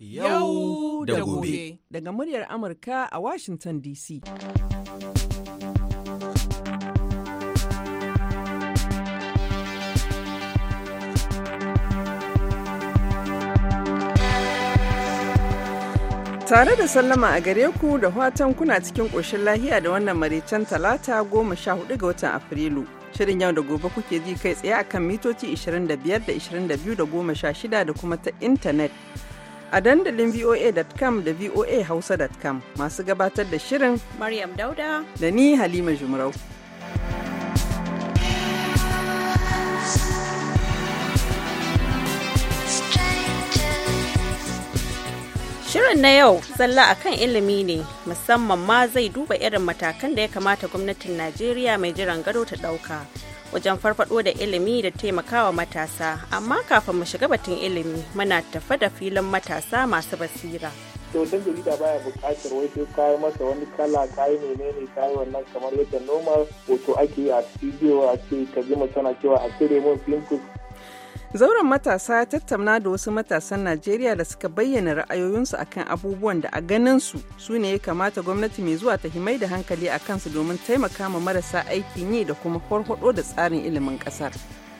yau da gobe daga muryar amurka a washington dc Tare da sallama a gare ku da fatan kuna cikin ƙoshin lahiya da wannan maraicen talata goma sha hudu ga watan Afrilu. Shirin yau da gobe kuke ji kai tsaye akan mitoci 25 da 22 da goma sha shida da kuma ta intanet. a dandalin voa.com da VOA voahausa.com masu gabatar da shirin Maryam Dauda da ni Halima Jumrau. Shirin na yau zalla kan ilimi ne musamman ma zai duba irin matakan da ya kamata gwamnatin Najeriya mai jiran gado ta ɗauka. wajen farfado da ilimi da taimakawa matasa amma kafin mu shiga batun ilimi muna tafa da filin matasa masu basira to dan jarida baya bukatar wai sai yi masa wani kala kayi menene yi wannan kamar yadda normal hoto ake yi a studio a ce ka ji tana cewa a cire mun filin Zauren matasa ya tattauna da wasu matasan Najeriya da suka bayyana ra'ayoyinsu akan abubuwan da a ganin su su ne ya kamata gwamnati mai zuwa ta himai da hankali a kansu domin taimaka ma marasa aikin yi da kuma farfado da tsarin ilimin ƙasar.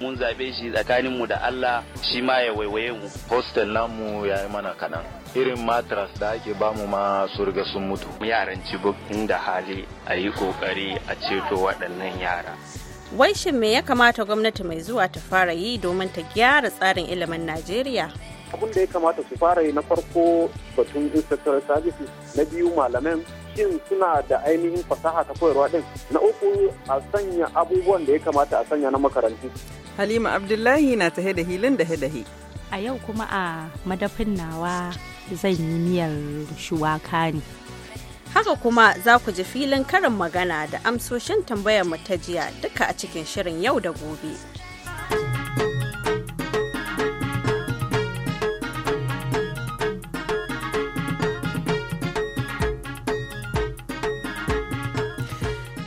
Mun zabe shi tsakaninmu da Allah shi ma ya waiwaye mu. Hostel namu ya yi mana kaɗan. Irin matras da ake bamu ma su riga sun mutu. Yaran cibok inda hali a yi ƙoƙari a ceto waɗannan yara. Wai shin me ya kamata gwamnati mai zuwa ta fara yi domin ta gyara tsarin ilimin Najeriya? Abin da ya kamata su fara yi na farko batun inspector services na biyu malaman shin suna da ainihin fasaha ta koyarwa din na uku a sanya abubuwan da ya kamata a sanya na makarantu. Halima Abdullahi na ta da hilin da hedahi. A yau kuma a madafin nawa zan yi miyar shuwaka ne. Haka kuma za ku ji filin karin magana da amsoshin tambayar mu ta jiya duka a cikin shirin yau da gobe.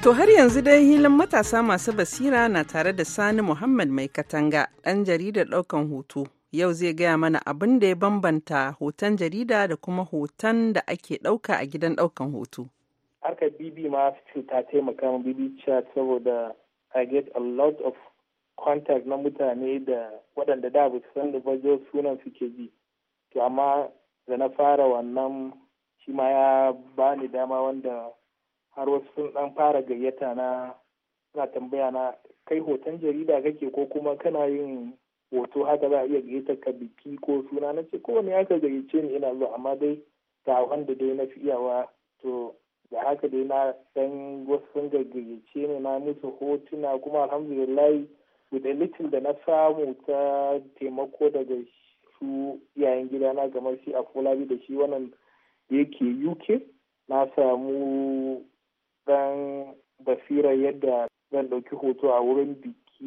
To har yanzu dai hilin matasa masu basira na tare da Sani Muhammad mai katanga ɗan jaridar ɗaukan hoto yau zai gaya mana abin da ya bambanta hoton jarida da kuma hoton da ake ɗauka a gidan ɗaukan hoto. Harkar BB ma ta taimaka ma BB chat saboda I get a lot of contact na mutane da waɗanda da ba san da bajo sunan su ke ji. To amma da na fara wannan shi ma ya ba ni dama wanda har wasu sun ɗan fara gayyata na suna tambaya na kai hoton jarida kake ko kuma kana yin hoto haka za a iya gayyata ka biki ko suna na ce kowane ya ka gayyace ni ina zuwa amma dai ga wanda dai na fi iyawa to da haka dai na san wasu sun gayyace ni na musu hotuna kuma alhamdulillah with a little da na samu ta taimako daga su gida na gamar shi a fulabi da shi wannan da yake uk na samu dan basira yadda zan ɗauki hoto a wurin biki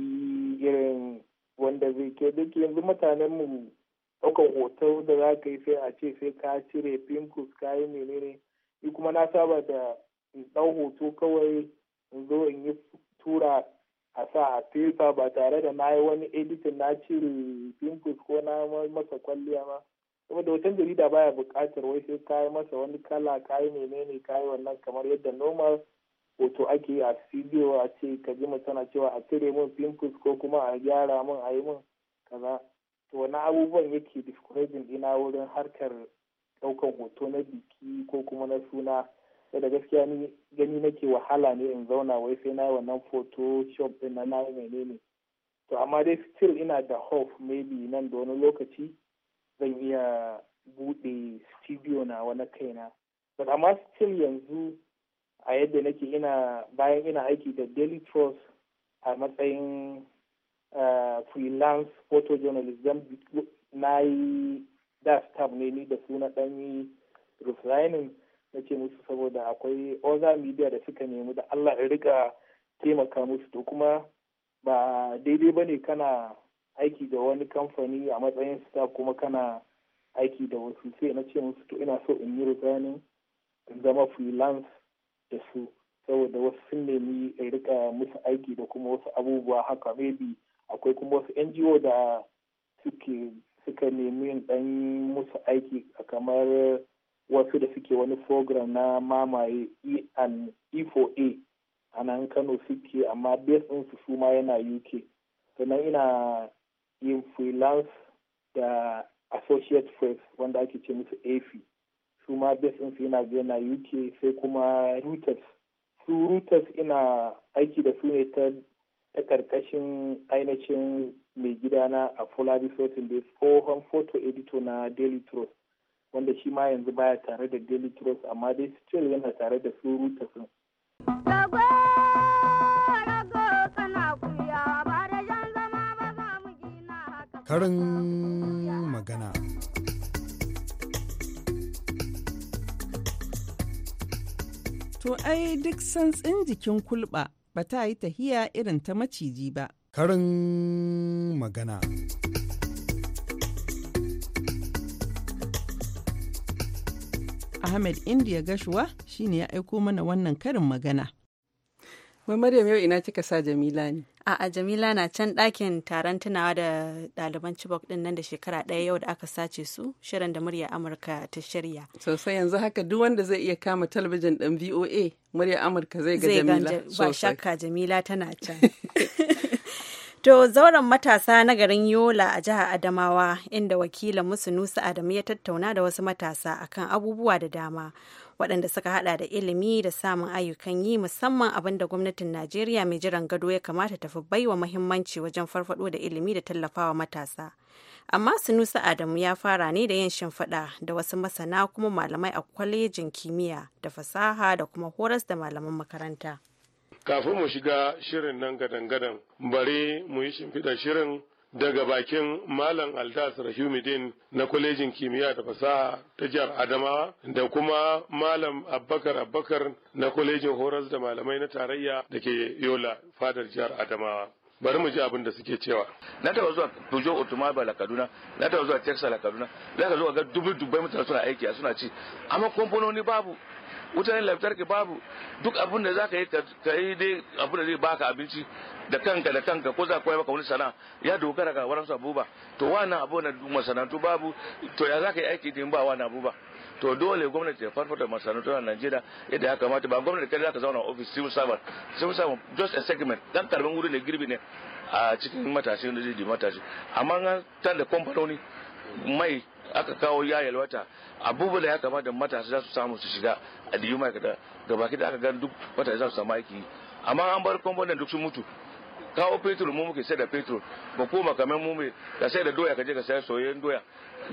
irin wanda zai ke duk yanzu mutanen mu ɗaukar hoto da za ka yi sai a ce sai ka cire pimples ka yi menene ni kuma na saba da in ɗau hoto kawai in zo in yi tura a sa a fesa ba tare da na yi wani editin na cire pimples ko na masa kwalliya ma saboda hoton jarida baya buƙatar wai sai ka yi masa wani kala ka yi menene ka yi wannan kamar yadda normal hoto ake yi a bidiyo a ce ka ji tana cewa a cire min pimples ko kuma a gyara min a yi min kaza to wani abubuwan yake discouraging ina wurin harkar ɗaukan hoto na biki ko kuma na suna eh, da gaskiya ni gani nake wahala ne in zauna wai sai na yi wannan photoshop din na nayi menene to amma dai still ina da hope maybe nan da wani lokaci zan iya buɗe studio na wani kaina but amma still yanzu a yadda nake ina bayan ina aiki da daily trust a matsayin eh, freelance photojournalist zan na yi da staff ne ni da suna ɗanyi refining na ce musu saboda akwai oza media da suka nemi da allah ya rika taimaka musu to kuma ba daidai ba ne kana aiki da wani kamfani a matsayin staff kuma kana aiki da wasu sai na ce musu to ina so in yi refining in zama freelance da su saboda wasu sun nemi in rika musu aiki da kuma wasu abubuwa haka maybe akwai kuma wasu ngo da suke suka nemi dan musu aiki kamar wasu da suke wani program na mamaye e and e4a a nan kano suke amma base din su su ma yana uk sannan ina yin freelance da associate press wanda ake ce musu afi su ma su yana yana UK sai kuma reuters su reuters ina aiki da su ne ta ƙarƙashin karkashin ainihin mai gidana a fulani Sotin da tsohon photo editor na Daily Trust wanda shi ma yanzu baya tare da Daily Trust amma dai still yana tare da su routers Karin magana. To ai duk santsin jikin kulɓa ba ta yi tahiya irin ta maciji ba. Karin magana. Ahmed India Gashuwa shine ya aiko mana wannan karin magana. Wai Maryam yau ina kika sa Jamila ne? A'a Jamila na can ɗakin taron tunawa da ɗaliban Chibok ɗin nan da shekara ɗaya yau da aka sace su shirin da murya Amurka ta shirya. Sosai yanzu haka duk wanda zai iya kama talabijin ɗin VOA murya Amurka zai ga Jamila. Zai ba shakka Jamila tana can. To zauren matasa na garin Yola a jihar Adamawa inda wakilin musu Nusa Adamu ya tattauna da wasu matasa akan abubuwa da dama waɗanda suka hada da ilimi da samun ayyukan yi musamman abin da gwamnatin Najeriya mai jiran gado ya kamata ta fi baiwa muhimmanci wajen farfado da ilimi da tallafawa matasa. Amma Sunusa Adamu ya fara ne da yin shimfiɗa da wasu masana kuma malamai a kwalejin kimiyya da fasaha da kuma horas da malaman makaranta. kafin mu shiga shirin nan gadan-gadan bari mu yi shimfiɗa shirin daga bakin Malam Aldas Rahimudin na kwalejin kimiyya da fasaha ta jihar Adamawa da kuma Malam Abbakar Abakar na kwalejin horas da malamai na tarayya da ke Yola fadar jihar Adamawa. bari mu ji abin da suke cewa na taba zuwa otuma ba la Kaduna na taba zuwa Texas la Kaduna za ka zo ga dubu dubbai mutane suna aiki suna ci amma kamfanoni babu wutar lantarki babu duk abin da za ka yi ka yi dai abin da zai baka abinci da kanka da kanka ko za ka koya maka wani sana'a ya dogara ga wurin abubuwa to wannan abu na masana'antu babu to ya za ka yi aiki din ba wannan abubuwa to dole gwamnati ta farfata masana'antu a Najeriya yadda ya kamata ba gwamnati kada za ka zauna ofis civil servant civil servant just a segment dan karbin wuri ne girbi ne a cikin matashi da zai matashi amma an tar da kamfanoni mai aka kawo ya yalwata abubuwa ya kamata matasa za su samu su shiga a diyu ma'aikata gabaki da aka gan duk matasa za su samu aiki amma an bar kwamfanin duk sun mutu kawo fetur mu muke sai da fetur ba ko makamai mu mai da sai da doya ka je ka sai soyayyen doya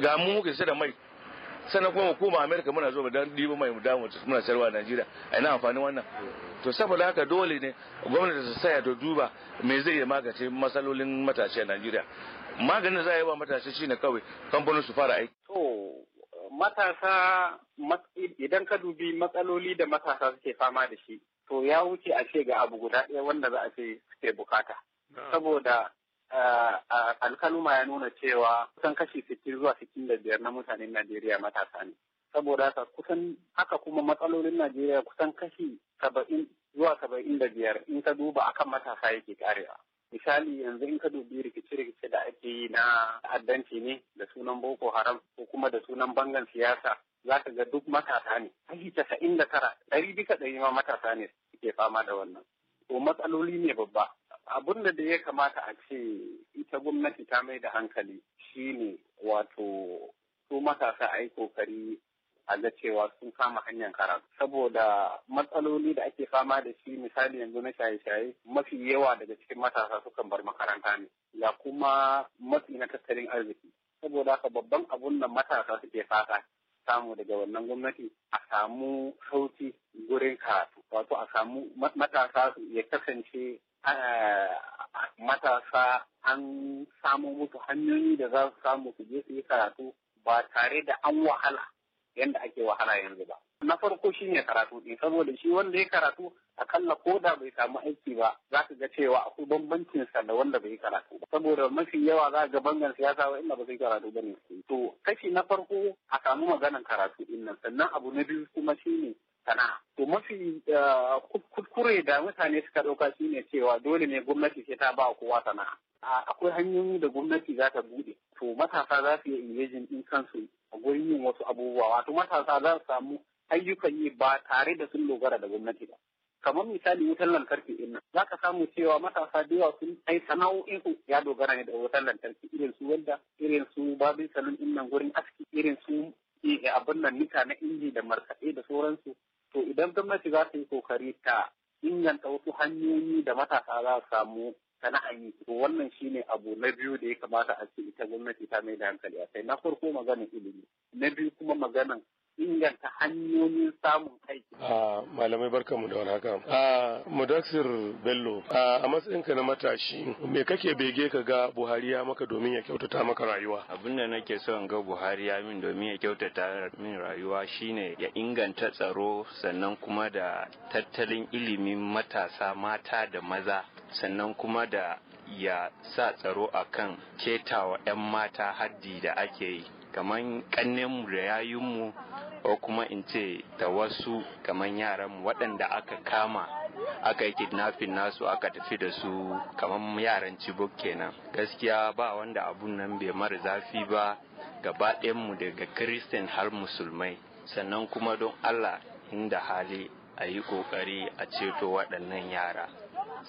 ga mu muke sai da mai sannan kuma mu koma amerika muna zo dan dibo mai mu damu muna sayarwa a najeriya a ina amfanin wannan to saboda haka dole ne gwamnati ta saya ta duba me zai yi magace matsalolin matashi a najeriya maganin za a yi wa shi ne kawai kamfanin su fara aiki to matasa idan ka dubi matsaloli da matasa suke fama da shi to ya wuce a ce ga abu guda ɗaya wanda za a ce suke bukata saboda alkaluma ya nuna cewa kusan kashi sittin zuwa sittin da biyar na mutanen najeriya matasa ne saboda haka kusan haka kuma matsalolin najeriya kusan kashi saba'in zuwa saba'in da biyar in ka duba akan matasa yake karewa misali yanzu in ka dubi rikice-rikice da ake yi na ta'addanci ne da sunan boko haram ko kuma da sunan bangan siyasa za ka ga duk matasa ne kashi casa'in da tara ɗari bisa ɗari ma matasa ne suke fama da wannan to matsaloli ne babba abun da ya kamata a ce ita gwamnati ta mai da hankali shine wato su matasa a yi kokari a ga cewa sun kama hanyar karatu saboda matsaloli da ake fama da shi misali yanzu na shaye-shaye mafi yawa daga cikin matasa sukan bar makaranta ne ya kuma matsi na tattalin arziki saboda ka babban abun da matasa suke fata samu daga wannan gwamnati a samu sauti gurin karatu wato a samu matasa ya kasance eh, matasa an samu musu hanyoyi da za su samu su je su yi karatu ba tare da an wahala yadda ake wahala yanzu ba. Na farko shi ne karatu ɗin saboda shi wanda ya karatu akalla ko da bai samu aiki ba za ka ga cewa akwai bambancin sa da wanda bai karatu ba. Saboda mafi yawa za ga bangan siyasa wa inda ba zai karatu ba ne. To kashi na farko a samu maganan karatu ɗin nan sannan abu na biyu kuma shi ne sana'a. To mafi eh, kuskure da mutane suka ɗauka shi ne cewa dole ne gwamnati sai ta ba kowa sana'a. Akwai hanyoyi da gwamnati za ta buɗe. To matasa za su yi engaging ɗin kansu a gurin yin wasu abubuwa. Wato matasa za su samu ayyukan yi ba tare da sun dogara da gwamnati ba. kamar misali wutar lantarki in nan za ka samu cewa matasa da yawa sun ai sana'o'insu ya dogara ne da wutar lantarki irin su wanda irin su babin salon in nan gurin aski irin su Eh, abin nan nika na inji da markaɗe da sauransu to idan gwamnati za ta yi kokari ta inganta wasu hanyoyi da matasa za su samu sana'a yi to wannan shine abu na biyu da ya kamata a ce ita gwamnati ta mai da hankali a kai na farko maganin ilimi na biyu kuma maganan inganta hanyoyin samun aiki. A ah, malamai barka mu da wani haka. A ah, Mudaksir Bello, ah, a matsayinka na matashi, me kake bege ka ga Buhari ya maka domin ya kyautata maka rayuwa? Abin da nake so in ga Buhari ya min domin ya kyautata min rayuwa shine ya inganta tsaro sannan kuma da tattalin ilimin matasa mata da maza sannan kuma da ya sa tsaro akan ketawa 'yan mata haddi da ake yi. kaman kannenmu da mu ko kuma in ce da wasu kaman yaranmu waɗanda aka kama aka yi kidnapping nasu aka tafi da su kamar yaran cibok kenan gaskiya ba wanda abun nan bai mara zafi ba gaba mu daga kristin har musulmai sannan kuma don allah inda hali a yi ƙoƙari a ceto waɗannan yara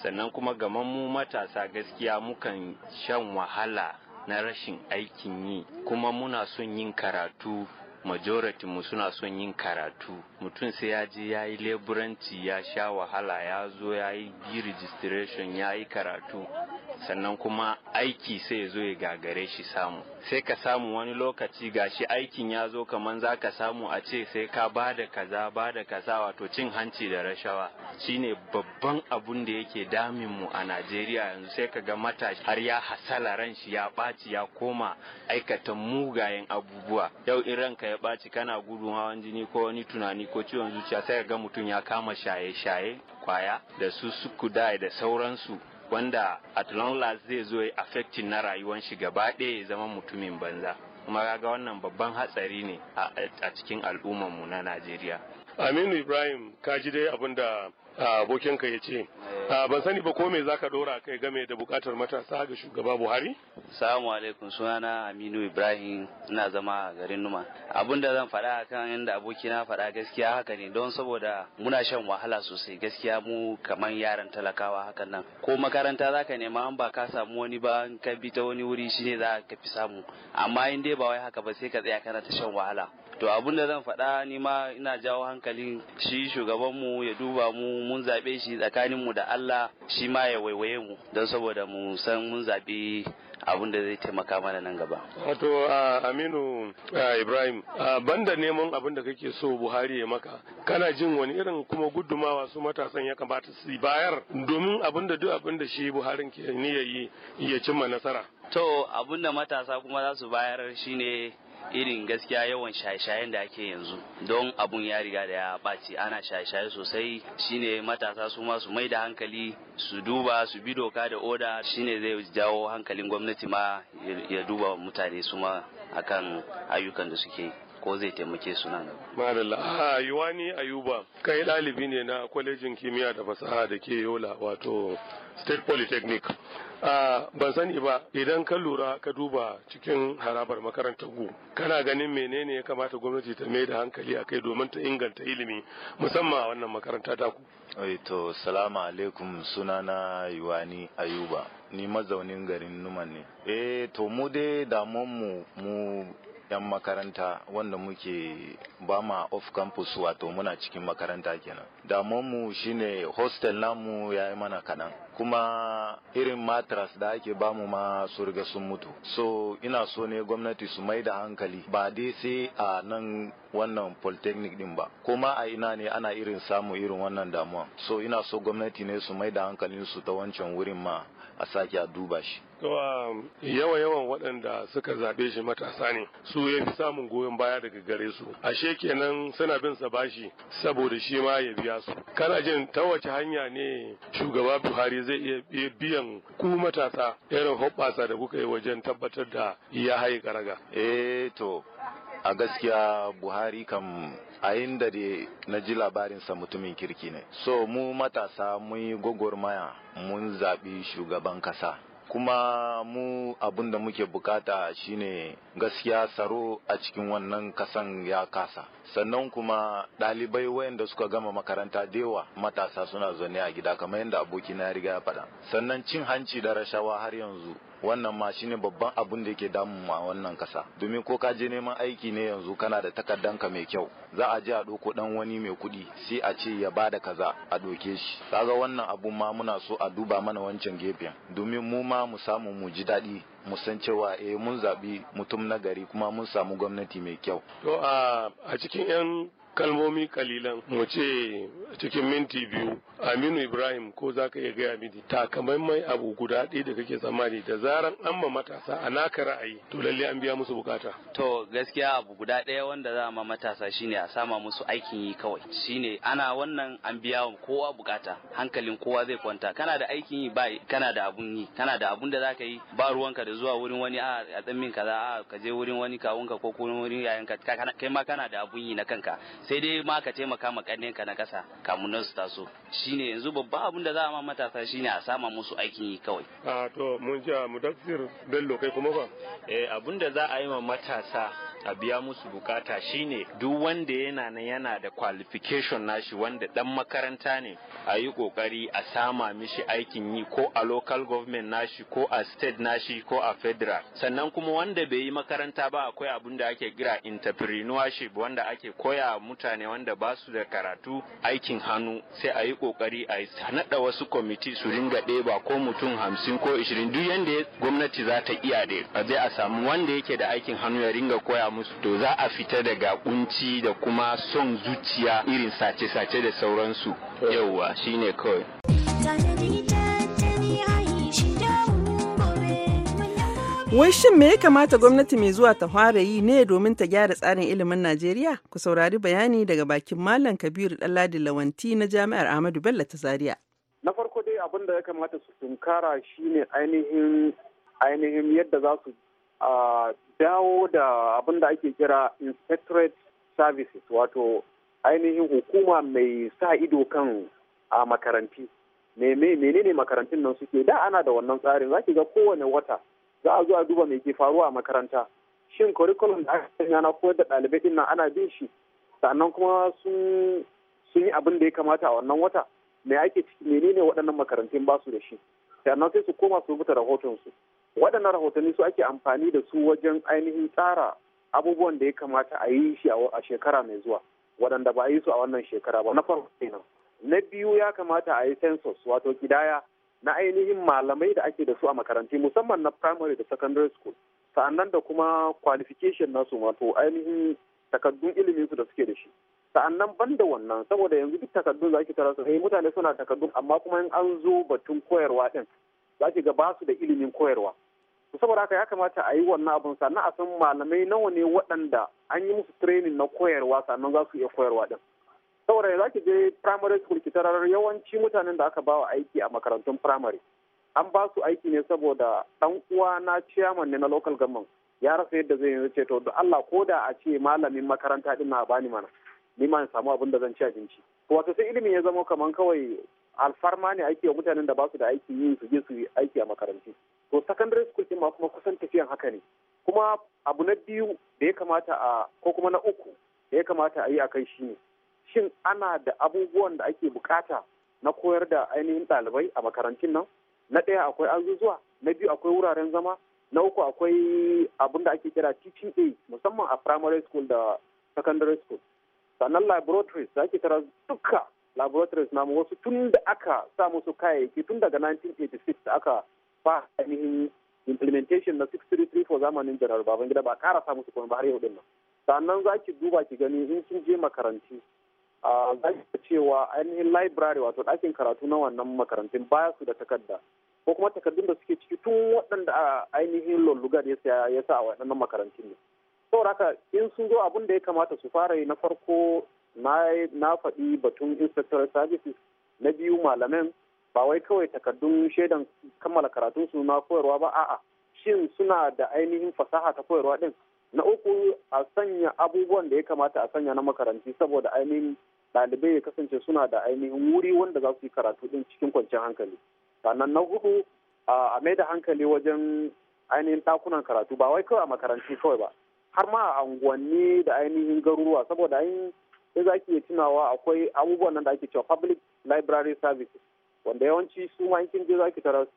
sannan kuma gaman mu matasa gaskiya mukan shan wahala na rashin aikin yi kuma muna son yin karatu majority mu suna son yin karatu mutum sai ya je ya yi leburanci ya sha wahala ya zo ya yi registration ya yi karatu sannan kuma aiki sai ya zo ya gagare shi samu sai ka samu wani lokaci gashi aikin ya zo kaman za ka samu a ce sai ka ba da kaza ba da kaza wato cin hanci da rashawa shine babban abun da yake damin mu a najeriya yanzu sai ka ga matashi har ya hasala ran shi ya ɓaci ya koma aikata mugayen abubuwa yau in ranka ya ɓaci kana gudun hawan jini ko wani tunani ko ciwon zuciya sai ka ga mutum ya kama shaye-shaye kwaya da su suku da sauransu wanda at long last zai zo ya affecting na rayuwar shi gaba ɗaya ya zama mutumin banza kuma kaga wannan babban hatsari ne a cikin al'ummar mu na Najeriya Aminu Ibrahim ka ji dai abin da abokinka ya ce ban sani ba ko me ka dora kai game da bukatar matasa ga shugaba Buhari Assalamu alaikum sunana Aminu Ibrahim ina zama a garin Numa abinda zan faɗa kan yadda abokina faɗa gaskiya haka ne don saboda muna shan wahala sosai gaskiya mu kamar yaran talakawa hakan nan ko makaranta za zaka nema an ba ka samu wani ba ka bi ta wani wuri shine za ka fi samu amma in dai ba wai haka ba sai ka tsaya kana ta shan wahala to abin da zan faɗa ni ma ina jawo hankalin shi shugabanmu ya duba mu mun zaɓe shi tsakaninmu da Allah shi ma ya waiwaye mu don saboda mu san mun zaɓi abin da zai taimaka mana nan gaba. Wato Aminu Ibrahim, banda neman abin da kake so Buhari ya maka, kana jin wani irin kuma gudumawa su matasan ya kamata su bayar domin abin da duk abin da shi Buhari ke niyyayi ya cimma nasara. To abin da matasa kuma za su bayar shine irin gaskiya yawan shaye-shayen da ake yanzu don abun ya riga da ya ɓaci ana shaye-shaye sosai shine matasa su ma su mai da hankali su duba su bi doka da oda shine zai jawo hankalin gwamnati ma ya duba mutane su ma akan ayyukan da suke yi ko zai taimake su nan madalla a ah, yuwani ayuba kai ɗalibi ne na kwalejin kimiyya da fasaha da ke yola wato state polytechnic a ah, ban sani ba idan ka lura ka duba cikin harabar makarantar gu kana ganin menene ya kamata gwamnati ta mai da hankali a kai domin ta inganta ilimi musamman a wannan makaranta ta ku to salamu alaikum sunana yuwani ayuba ni mazaunin garin numan ne eh to mu dai damuwan mu mu 'yan makaranta wanda muke ba ma off campus wato muna cikin makaranta kenan mu shine hostel namu ya yi mana kaɗan kuma irin matras da ake bamu ma su sun mutu so ina so ne gwamnati su mai da hankali ba dai sai a nan wannan polytechnic din ba kuma a ina ne ana irin samu irin wannan damuwa so ina so gwamnati ne su mai da hankalin su ta wancan wurin ma a sake a duba shi um, yawa yawan waɗanda suka zaɓe shi matasa ne su ya fi samun goyon baya daga gare su ashe kenan suna bin sa bashi saboda shi ma ya biya su kana jin ta wace hanya ne shugaba buhari zai iya biyan ku matasa irin hoɓɓasa da kuka yi wajen tabbatar da ya haye karaga eh to a gaskiya buhari kam a inda da na ji labarin sa mutumin kirki ne so mu matasa mun yi gwagwarmaya mun zaɓi shugaban kasa kuma mu abin da muke bukata shine gaskiya tsaro a cikin wannan kasan ya kasa sannan kuma ɗalibai wayanda suka gama makaranta dewa matasa suna zaune a gida kamar yadda abokina ya riga ya faɗa sannan cin hanci da rashawa har yanzu wannan ma shine babban abun da yake damun a wannan kasa domin ko ka je neman aiki ne yanzu kana da takardanka mai kyau za a je a doko dan wani mai kuɗi sai a ce ya bada kaza a doke shi kaga wannan abun ma muna so a duba mana wancan gefen domin mu ma mu samu mu ji daɗi mu san cewa eh mun zabi mutum na gari kuma mun samu gwamnati mai kyau to a cikin 'yan kalmomi kalilan mu ce cikin minti biyu aminu ibrahim ko za ka iya gaya mini takamaiman abu guda ɗaya da kake tsammani da zaran an ma matasa a naka ra'ayi to lalle an biya musu bukata to gaskiya abu guda ɗaya wanda za ma matasa shine a sama musu aikin yi kawai shine ana wannan an biya kowa bukata hankalin kowa zai kwanta kana da aikin yi ba kana da abun yi kana da abun da za ka yi ba ruwanka da zuwa wurin wani a tsammin kaza a ka je wurin wani kawunka ko wurin yayanka kai ma kana da abun yi na kanka sai dai ma ka taimaka ma kannen ka na kasa kamunan su taso shine yanzu babba abin da za a ma matasa shine a sama musu aikin yi kawai a to mun ji mudaffir bello kai kuma ba. eh da za a yi ma matasa a biya musu bukata shine duk wanda yana nan yana da qualification nashi wanda dan makaranta ne a yi kokari a sama mishi aikin yi ko a local government nashi ko a state nashi ko a federal sannan kuma wanda bai yi makaranta ba akwai abin da ake kira entrepreneurship wanda ake koya mutane wanda ba su da karatu aikin hannu sai a yi kokari a naɗa wasu kwamiti su ringa ɗeba ko mutum hamsin ko ishirin duk yanda gwamnati za ta iya da a samu wanda yake da aikin hannu ya ringa koya musu to za a fita daga kunci da kuma son zuciya irin sace-sace da sauransu yauwa shine kawai Wai shin me ya kamata gwamnati mai zuwa ta fara yi ne domin ta gyara tsarin ilimin Najeriya? Ku saurari bayani daga bakin Malam Kabiru Ɗanladi Lawanti na Jami'ar Ahmadu Bello ta Zaria. Na farko dai abin da ya kamata su tunkara shine ainihin ainihin yadda za su ah, dawo da abin da ake kira inspectorate services wato ainihin hukuma mai sa ido kan a makaranti menene makarantun nan suke da ana da wannan tsarin za ki ga kowane wata za a zo a duba mai ke faruwa a makaranta shin curriculum da aka sanya na koyar da ɗalibai din nan ana bin shi sannan kuma sun yi abin da ya kamata a wannan wata me ake ciki menene waɗannan makarantun ba su da shi sannan sai su koma su rubuta rahoton su waɗannan rahotanni su ake amfani da su wajen ainihin tsara abubuwan da ya kamata a yi shi a shekara mai zuwa waɗanda ba a yi su a wannan shekara ba na farko kenan na biyu ya kamata a yi census wato kidaya na ainihin malamai da ake da su a makarantu musamman na primary da secondary school sa'annan da kuma qualification nasu wato ainihin takaddun ilimin su da suke da shi sa'annan ban da wannan saboda yanzu duk takaddun za ki tara su eh, mutane suna takaddun amma kuma in an zo batun koyarwa din za ki ga ba su da ilimin koyarwa saboda haka ya kamata a yi wannan abun sannan a san malamai nawa ne waɗanda an yi musu training na koyarwa sannan za su iya koyarwa din saboda za ki je primary school ki tarar yawanci mutanen da aka bawa aiki a makarantun primary an ba su aiki ne saboda dan uwa na chairman ne na local government ya rasa yadda zai yanzu ce to da Allah ko da a ce malamin makaranta din na bani mana ni ma in samu abin da zan ci abinci wato sai ilimin ya zama kamar kawai alfarma ne ake wa mutanen da ba su da aiki yin su je su yi aiki a makarantu to secondary school din ma kuma kusan tafiyan haka ne kuma abu na biyu da ya kamata a ko kuma na uku da ya kamata a yi a kai shi ne shin ana da abubuwan da ake bukata na koyar da ainihin ɗalibai a makarantun nan na ɗaya akwai azuzuwa na biyu akwai wuraren zama na uku akwai abin da ake kira teaching aid musamman a primary school da secondary school sannan laboratories da ake kira duka laboratories namu wasu tun da aka sa musu kayayyaki tun daga 1986 da aka ba ainihin implementation na for zamanin janar babangida ba kara sa musu kuma ba har yau din nan sannan za ki duba ki gani in sun je makaranti za ki cewa ainihin library wato ɗakin karatu na wannan makarantun baya su da takarda ko kuma takardun da suke ciki tun waɗanda ainihin lullugar ya sa ya a waɗannan makarantun ne saboda haka in sun zo abin da ya kamata su fara yi na farko na faɗi batun inspector services na biyu malamin ba wai kawai takardun shaidan kammala karatunsu na koyarwa ba a'a shin suna da ainihin fasaha ta koyarwa din na uku a sanya abubuwan da ya kamata a sanya na makaranti saboda ainihin ɗalibai ya kasance suna da ainihin wuri wanda za su yi karatu din cikin kwanciyar hankali sannan na hudu a mai da hankali wajen ainihin dakunan karatu ba wai kawai a makaranti kawai ba har ma a unguwanni da ainihin garuruwa saboda ainihin sai za ki tunawa akwai abubuwan nan da ake cewa public library services wanda yawanci su ma kin je za ki tara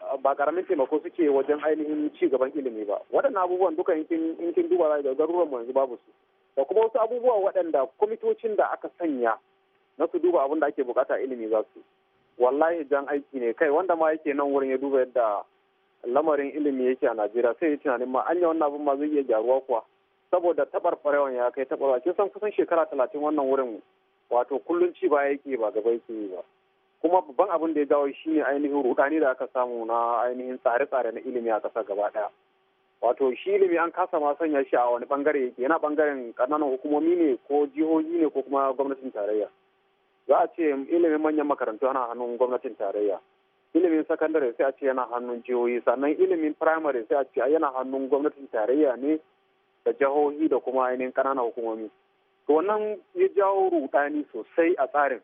ah, ba karamin taimako suke wajen ainihin ci gaban ilimi ba waɗannan abubuwan duka in kin duba da garuruwan mu yanzu babu su da kuma wasu abubuwa waɗanda kwamitocin da aka sanya na su duba abin da ake bukata ilimi za su wallahi jan aiki ne kai wanda ma yake nan wurin ya duba yadda lamarin ilimi yake a najeriya sai ya tunanin ma anya wannan abin ma zai iya gyaruwa kuwa saboda taɓarɓarewan ya kai taɓarwa kin san kusan shekara talatin wannan wurin wato kullum ci baya yake ba gaba yake yi ba kuma babban abin da ya dawo ne ainihin rudani da aka samu na ainihin tsare-tsare na ilimi a ƙasar gaba ɗaya wato shi ilimi an kasa ma sanya shi a wani bangare yake yana bangaren ƙananan hukumomi ne ko jihohi ne ko kuma gwamnatin tarayya za a ce ilimin manyan makarantu yana hannun gwamnatin tarayya ilimin sakandare sai a ce yana hannun jihohi sannan ilimin firamare sai a ce yana hannun gwamnatin tarayya ne da jihohi da kuma ainihin ƙananan hukumomi to wannan ya jawo rudani sosai a tsarin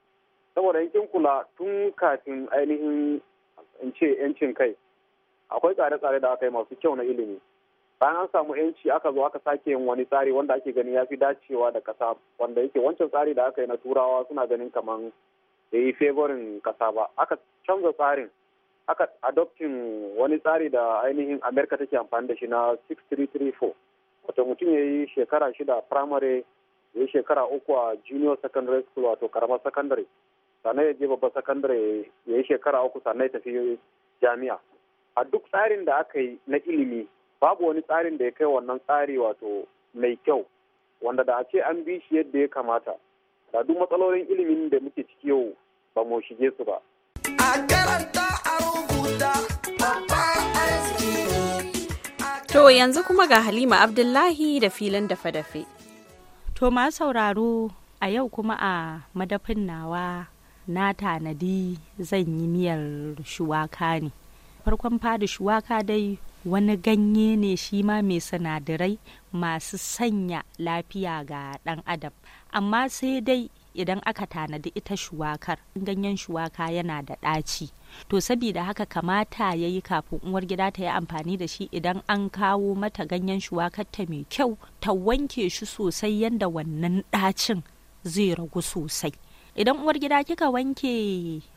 saboda yankin kula tun kafin ainihin in ce yancin kai akwai tsare-tsare da aka yi masu kyau na ilimi bayan an samu yanci aka zo aka sake yin wani tsari wanda ake gani ya fi dacewa da kasa wanda yake wancan tsari da aka yi na turawa suna ganin kaman da yi favorin kasa ba aka canza tsarin aka adoptin wani tsari da ainihin amerika take amfani da shi na 6334 wato mutum ya yi shekara shida a primary ya yi shekara uku a junior secondary school wato karamar secondary sannan ya je babban secondary ya yi shekara uku sannan ya tafi jami'a a duk tsarin da aka yi na ilimi babu wani tsarin da ya kai wannan tsari wato mai kyau wanda da a ce an bi shi yadda ya kamata da duk matsalolin ilimin da muke ciki yau ba mu shige su ba. A karanta a rubuta To yanzu kuma ga Halima Abdullahi da filin dafe-dafe. To ma sauraro a yau kuma a madafin nawa na tanadi zan yi miyar shuwaka ne. Farkon fadi shuwaka dai wani ganye ne shi ma mai sinadirai masu sanya lafiya ga ɗan adam. Amma sai dai idan aka tanadi ita shuwakar ganyen shuwaka yana da ɗaci to sabida haka kamata ya yi kafin uwar gida ta yi amfani da shi idan an kawo mata ganyen shuwakarta mai kyau ta wanke shi sosai yadda wannan ɗacin zai ragu sosai idan uwar gida kika wanke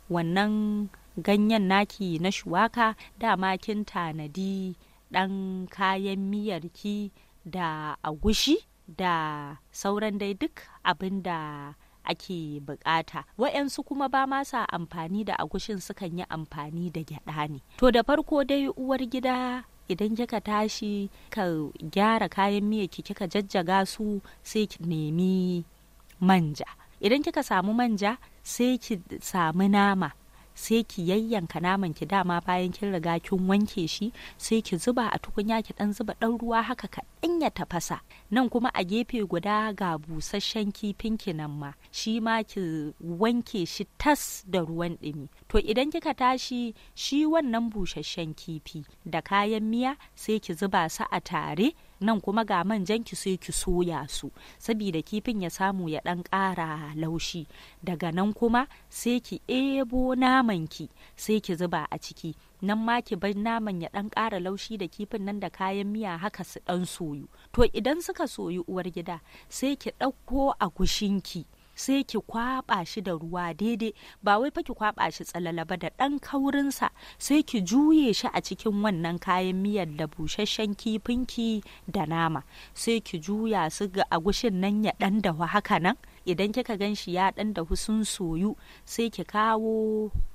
wannan ganyen naki na shuwaka dama kin tanadi ɗan kayan miyarki da agushi da sauran dai duk abin da ake bukata wa'yansu kuma ba ma sa amfani da agushin sukan yi amfani da gyada ne to da farko dai uwar gida idan kika tashi ka gyara kayan miya ki kika jajjaga su sai ki nemi manja idan kika samu manja sai ki samu nama sai ki yayyanka naman ki dama bayan kin riga kin wanke shi sai ki zuba a tukunya ki dan zuba dan ruwa haka kaɗan ya tafasa nan kuma a gefe guda ga busasshen kifin ki nan ma shi ma ki wanke shi tas da ruwan ɗumi to idan kika tashi shi wannan busasshen kifi da kayan miya sai ki zuba su a tare nan kuma ga manjan ki sai ki soya su sabida kifin ya samu ya dan ƙara laushi daga nan kuma sai ki ebo naman ki sai ki zuba a ciki nan ma ki bar naman ya dan ƙara laushi da kifin nan da kayan miya haka su dan soyu to idan suka soyu uwar gida sai ki ɗauko a ki sai ki kwaba shi da ruwa daidai ba wai fa ki kwaba shi tsalala ba da ɗan kaurinsa sai ki juye shi a cikin wannan kayan miyar da busasshen kifinki da nama sai ki juya su ga agushin nan ya dan dahu haka nan idan kika gan shi ya dan dahu sun soyu sai ki kawo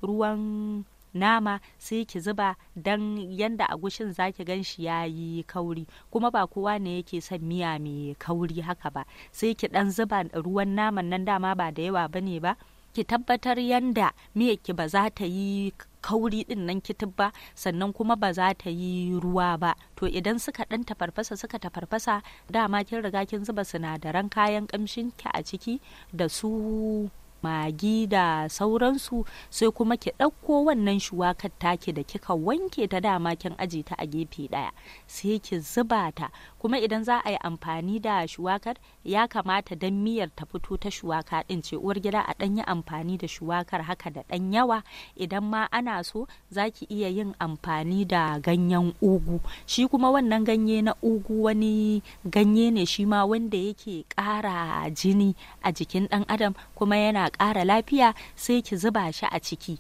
ruwan nama sai ki zuba dan yanda agushin zaki gan shi ya yi kauri kuma ba kowa ne yake son miya mai kauri haka ba sai ki dan zuba ruwan naman nan dama ba da yawa bane ba ki tabbatar yanda miyar ki ba za ta yi kauri din nan kitib ba sannan kuma ba za ta yi ruwa ba to idan suka dan tafarfasa suka tafarfasa dama kin riga kin zuba sinadaran kayan kamshin ki a ciki da su magi da sauransu sai kuma ki ɗauko wannan shuwakar take da kika wanke ta dama kin aji ta a gefe ɗaya sai ki zuba ta kuma idan za a yi amfani da shuwakar ya kamata dan miyar ta fito ta shuwaka ɗin ce uwar gida a ɗan yi amfani da shuwakar haka da ɗan yawa idan ma ana so za ki iya yin amfani da ganyen ugu shi kuma wannan ganye na ugu wani ganye ne shi ma wanda yake ƙara jini a jikin ɗan adam kuma yana ƙara lafiya sai ki zuba shi a ciki.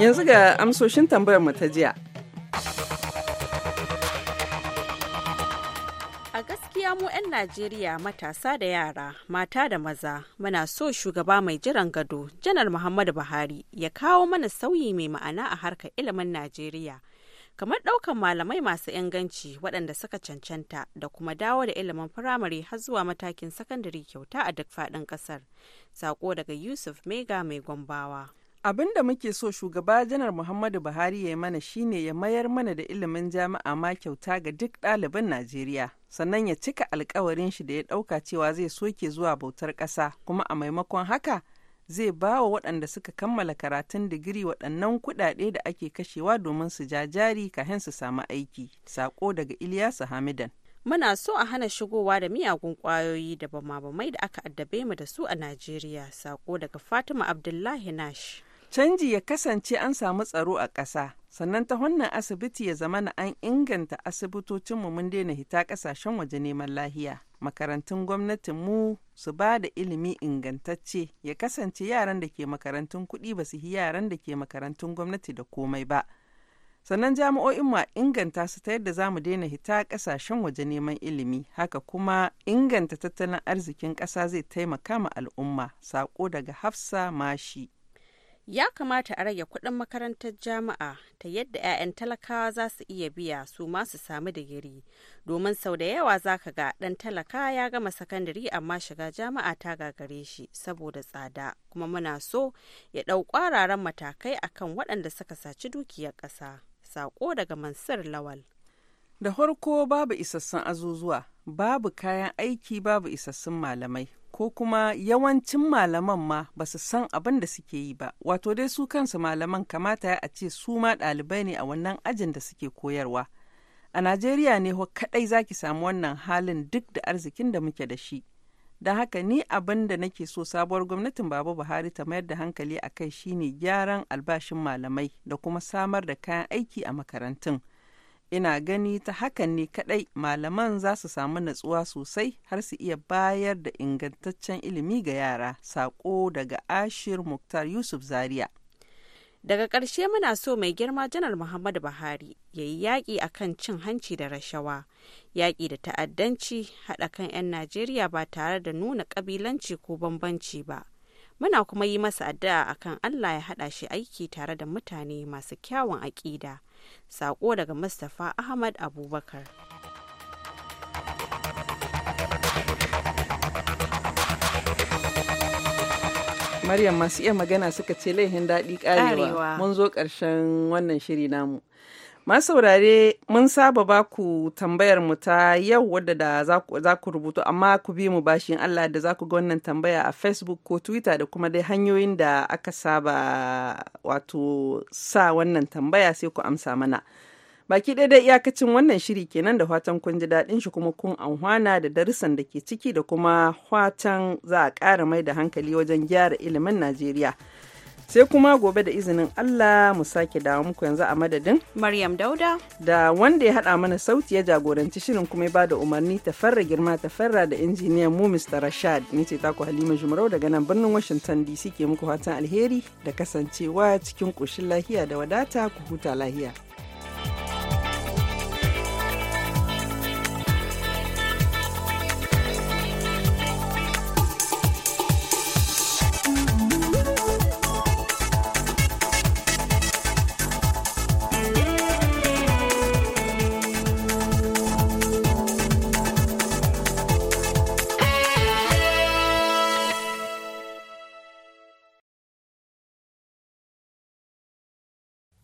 Yanzu ga amsoshin tambayar mu ta jiya. A gaskiya mu 'yan Najeriya matasa da yara, mata da maza, muna so shugaba mai jiran gado, Janar Muhammadu Buhari, ya kawo mana sauyi mai ma'ana a harkar ilimin Najeriya. kamar ɗaukan malamai masu inganci waɗanda suka cancanta da kuma dawo da ilimin firamare har zuwa matakin sakandare kyauta a duk faɗin ƙasar. Sako daga Yusuf Mega mai gombawa. Abin da muke so shugaba janar Muhammadu Buhari ya yi mana shine ya mayar mana da ilimin jami'a ma kyauta ga duk ɗaliban Najeriya. Sannan ya cika alkawarin shi da ya ɗauka cewa zai soke zuwa bautar ƙasa kuma a maimakon haka zai ba wa waɗanda suka kammala karatun digiri waɗannan kuɗaɗe da ake kashewa domin su ja jari kahin su samu aiki. Sako daga Ilyasu Hamidan. Muna so a hana shigowa da miyagun ƙwayoyi da bama-bamai da aka addabe mu da su a Najeriya. Sako daga Fatima Abdullahi Nash. Canji ya kasance an samu tsaro a ƙasa, sannan ta wannan asibiti ya zama na an inganta asibitocinmu mun daina hita kasashen waje neman lahiya makarantun gwamnatin mu su ba da ilimi ingantacce ya kasance yaran da ke makarantun kuɗi ba su yi yaran da ke makarantun gwamnati da komai ba sannan jami'o'in mu inganta su ta yadda za mu daina hita kasashen waje neman ilimi haka kuma inganta tattalin arzikin ƙasa zai taimaka ma al'umma sako daga hafsa mashi ya kamata a rage kudin makarantar jama'a ta yadda 'ya'yan talakawa za su iya biya su ma su sami digiri domin sau da yawa za ka ga ɗan talaka ya gama sakandare amma shiga jama'a ta gagare shi saboda tsada kuma muna so ya ɗau ƙwararan matakai akan waɗanda suka saci dukiyar ƙasa Sako daga mansur lawal da farko babu isassun azuzuwa babu kayan aiki babu isassun malamai ko kuma yawancin malaman ma ba su san abin da suke yi ba wato dai su kansu malaman kamata a ce su ma ɗalibai ne a wannan ajin da suke koyarwa a najeriya ne kaɗai za ki samu wannan halin duk da arzikin da muke da shi don haka ni abin da nake so sabuwar gwamnatin baba buhari ta mayar da hankali a kai shine gyaran albashin malamai da kuma samar da kayan aiki a makarantun ina gani ta hakan ne kadai malaman za su samu natsuwa sosai har su iya bayar da ingantaccen ilimi ga yara sako daga ashir muktar yusuf zaria daga ƙarshe muna so mai girma janar muhammadu buhari ya yi yaƙi a kan cin hanci da rashawa yaƙi da ta'addanci haɗa kan 'yan najeriya ba tare da nuna ƙabilanci ko bambanci ba muna kuma yi masa addu'a akan allah ya haɗa shi aiki tare da mutane masu kyawun aƙida. Sako daga Mustapha Ahmad Abubakar. Maryam masu iya magana suka ce laihin daɗi ƙarewa. Mun zo ƙarshen wannan shiri namu. saurare mun saba ba ku tambayar mu ta yau wadda da za ku rubutu amma ku bi mu bashin Allah da za ku ga wannan tambaya a Facebook ko Twitter da kuma dai hanyoyin da aka saba wato sa wannan tambaya sai ku amsa mana. Baki ɗaya da iyakacin wannan shiri kenan da fatan kun ji daɗin shi kuma kun anhwana da darussan da ke ciki da kuma fatan za a ƙara mai da hankali wajen gyara ilimin Najeriya. sai kuma gobe da izinin Allah mu sake dawo muku yanzu a madadin Maryam Dauda da wanda ya hada mana sauti ya jagoranci shirin kuma ya bada umarni ta farra girma ta farra da injiniyan mu Mr. Rashad ni ce taku Halima Jumarau daga nan birnin Washington DC ke muku fatan alheri da kasancewa cikin koshin lahiya da wadata ku huta lahiya.